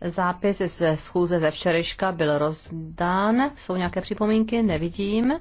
Zápis ze schůze ze včerejška byl rozdán. Jsou nějaké připomínky? Nevidím.